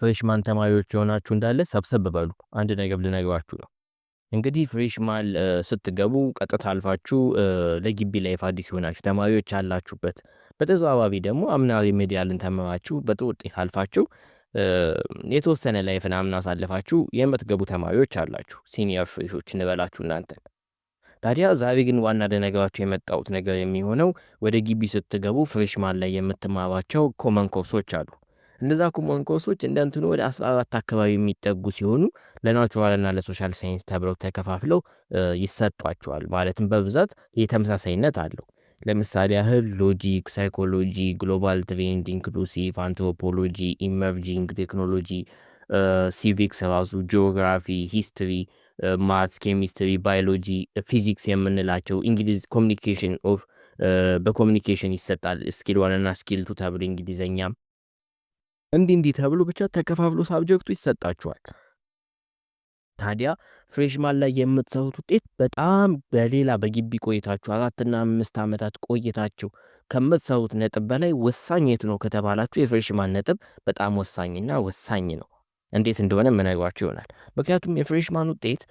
ፍሬሽማን ተማሪዎች የሆናችሁ እንዳለ ሰብሰብ በሉ። አንድ ነገር ልነግራችሁ ነው። እንግዲህ ፍሬሽማን ስትገቡ ቀጥታ አልፋችሁ ለግቢ ላይፍ አዲስ ይሆናችሁ ተማሪዎች ያላችሁበት፣ በተዘዋዋሪ ደግሞ አምና ሪሜዲያልን ተምራችሁ በጥሩ ውጤት አልፋችሁ የተወሰነ ላይፍን አምና አሳልፋችሁ የምትገቡ ተማሪዎች አላችሁ፣ ሲኒየር ፍሬሾች እንበላችሁ እናንተ። ታዲያ ዛሬ ግን ዋና ደነገራቸው የመጣሁት ነገር የሚሆነው ወደ ግቢ ስትገቡ ፍሬሽማን ላይ የምትማባቸው ኮመን ኮርሶች አሉ እነዛ ኮመን ኮርሶች እንደ እንትኑ ወደ 14 አካባቢ የሚጠጉ ሲሆኑ ለናቹራልና ለሶሻል ሳይንስ ተብለው ተከፋፍለው ይሰጧቸዋል። ማለትም በብዛት የተመሳሳይነት አለው። ለምሳሌ ያህል ሎጂክ፣ ሳይኮሎጂ፣ ግሎባል ትሬንድ፣ ኢንክሉሲቭ አንትሮፖሎጂ፣ ኢመርጂንግ ቴክኖሎጂ፣ ሲቪክስ ራሱ፣ ጂኦግራፊ፣ ሂስትሪ፣ ማት፣ ኬሚስትሪ፣ ባዮሎጂ፣ ፊዚክስ የምንላቸው እንግሊዝ ኮሚኒኬሽን ኦፍ በኮሚኒኬሽን ይሰጣል። ስኪል ዋንና ስኪል ቱ ተብሎ እንግሊዘኛም እንዲህ እንዲህ ተብሎ ብቻ ተከፋፍሎ ሳብጀክቱ ይሰጣችኋል። ታዲያ ፍሬሽማን ላይ የምትሰሩት ውጤት በጣም በሌላ በግቢ ቆይታችሁ አራትና አምስት ዓመታት ቆይታችሁ ከምትሰሩት ነጥብ በላይ ወሳኝ የት ነው ከተባላችሁ የፍሬሽማን ነጥብ በጣም ወሳኝና ወሳኝ ነው። እንዴት እንደሆነ የምነግራችሁ ይሆናል። ምክንያቱም የፍሬሽማን ውጤት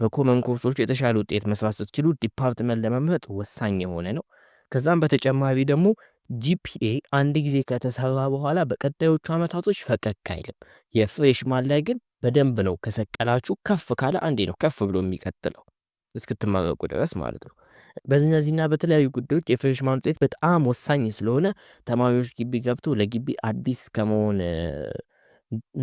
በኮመን ኮርሶች የተሻለ ውጤት መስራት ስትችሉ ዲፓርትመንት ለመምረጥ ወሳኝ የሆነ ነው። ከዛም በተጨማሪ ደግሞ ጂፒኤ አንድ ጊዜ ከተሰራ በኋላ በቀጣዮቹ ዓመታቶች ፈቀቅ አይልም። የፍሬሽማን ላይ ግን በደንብ ነው። ከሰቀላችሁ ከፍ ካለ አንዴ ነው ከፍ ብሎ የሚቀጥለው እስክትመረቁ ድረስ ማለት ነው። በዚህነዚህና በተለያዩ ጉዳዮች የፍሬሽማን ውጤት በጣም ወሳኝ ስለሆነ ተማሪዎች ግቢ ገብቶ ለግቢ አዲስ ከመሆን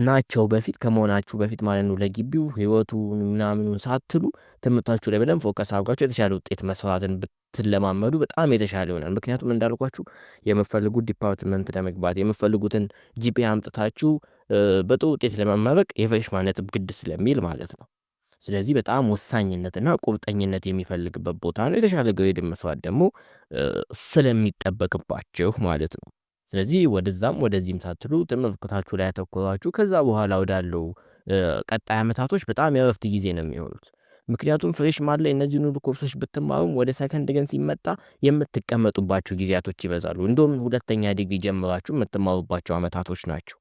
ናቸው በፊት ከመሆናችሁ በፊት ማለት ነው። ለግቢው ህይወቱ ምናምኑን ሳትሉ ትምህርታችሁ ላይ በደንብ ፎከስ አድርጋችሁ የተሻለ ውጤት መስራትን ብትለማመዱ በጣም የተሻለ ይሆናል። ምክንያቱም እንዳልኳችሁ የምፈልጉት ዲፓርትመንት ለመግባት የምፈልጉትን ጂፒ አምጥታችሁ በጥሩ ውጤት ለመመረቅ የፍሬሽማን ነጥብ ግድ ስለሚል ማለት ነው። ስለዚህ በጣም ወሳኝነትና ቁርጠኝነት የሚፈልግበት ቦታ ነው። የተሻለ ግሬድ መስራት ደግሞ ስለሚጠበቅባችሁ ማለት ነው። ስለዚህ ወደዛም ወደዚህም ሳትሉ ትምህርታችሁ ላይ ያተኮራችሁ ከዛ በኋላ ወዳለው ቀጣይ ዓመታቶች በጣም የእረፍት ጊዜ ነው የሚሆኑት። ምክንያቱም ፍሬሽማን ላይ እነዚህን ሁሉ ኮርሶች ብትማሩም ወደ ሰከንድ ግን ሲመጣ የምትቀመጡባቸው ጊዜያቶች ይበዛሉ። እንደውም ሁለተኛ ዲግሪ ጀምራችሁ የምትማሩባቸው ዓመታቶች ናቸው።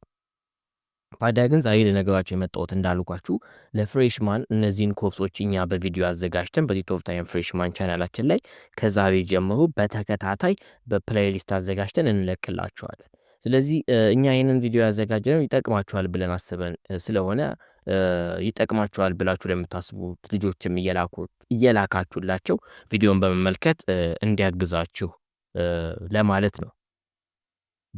ታዲያ ግን ዛሬ ልነገራችሁ የመጣሁት እንዳልኳችሁ ለፍሬሽማን እነዚህን ኮርሶች እኛ በቪዲዮ አዘጋጅተን በቲት ኦፍ ታይም ፍሬሽማን ቻናላችን ላይ ከዛሬ ጀምሮ በተከታታይ በፕሌይሊስት አዘጋጅተን እንለክላችኋለን። ስለዚህ እኛ ይህንን ቪዲዮ ያዘጋጀነው ይጠቅማችኋል ብለን አስበን ስለሆነ ይጠቅማችኋል ብላችሁ ለምታስቡት ልጆችም እየላካችሁላቸው ቪዲዮን በመመልከት እንዲያግዛችሁ ለማለት ነው።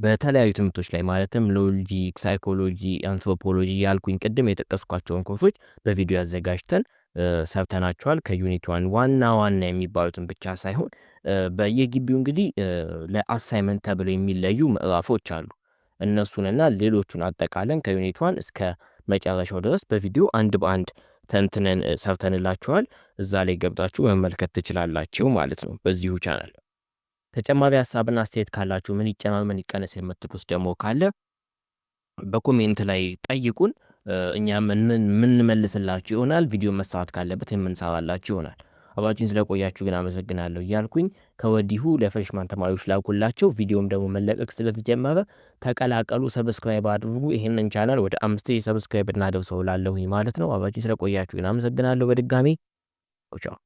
በተለያዩ ትምህርቶች ላይ ማለትም ሎጂ፣ ሳይኮሎጂ፣ አንትሮፖሎጂ ያልኩኝ ቅድም የጠቀስኳቸውን ኮርሶች በቪዲዮ አዘጋጅተን ሰርተናቸዋል። ከዩኒት ዋን ዋና ዋና የሚባሉትን ብቻ ሳይሆን በየግቢው እንግዲህ ለአሳይመንት ተብለው የሚለዩ ምዕራፎች አሉ። እነሱንና ሌሎቹን አጠቃለን ከዩኒት ዋን እስከ መጨረሻው ድረስ በቪዲዮ አንድ በአንድ ተንትነን ሰርተንላችኋል። እዛ ላይ ገብታችሁ መመልከት ትችላላችሁ ማለት ነው በዚሁ ቻናል ተጨማሪ ሀሳብና አስተያየት ካላችሁ ምን ይጨመር ምን ይቀነስ የምትሉት ደግሞ ካለ በኮሜንት ላይ ጠይቁን። እኛ የምንመልስላችሁ ይሆናል። ቪዲዮ መሰራት ካለበት የምንሰራላችሁ ይሆናል። አባችን ስለቆያችሁ ግን አመሰግናለሁ እያልኩኝ ከወዲሁ ለፍሬሽማን ተማሪዎች ላኩላቸው። ቪዲዮም ደግሞ መለቀቅ ስለተጀመረ ተቀላቀሉ፣ ሰብስክራይብ አድርጉ። ይህንን ቻናል ወደ አምስት ሰብስክራይብ እናደርሰው ላለሁኝ ማለት ነው። አባችን ስለቆያችሁ ግን አመሰግናለሁ በድጋሚ ቻው።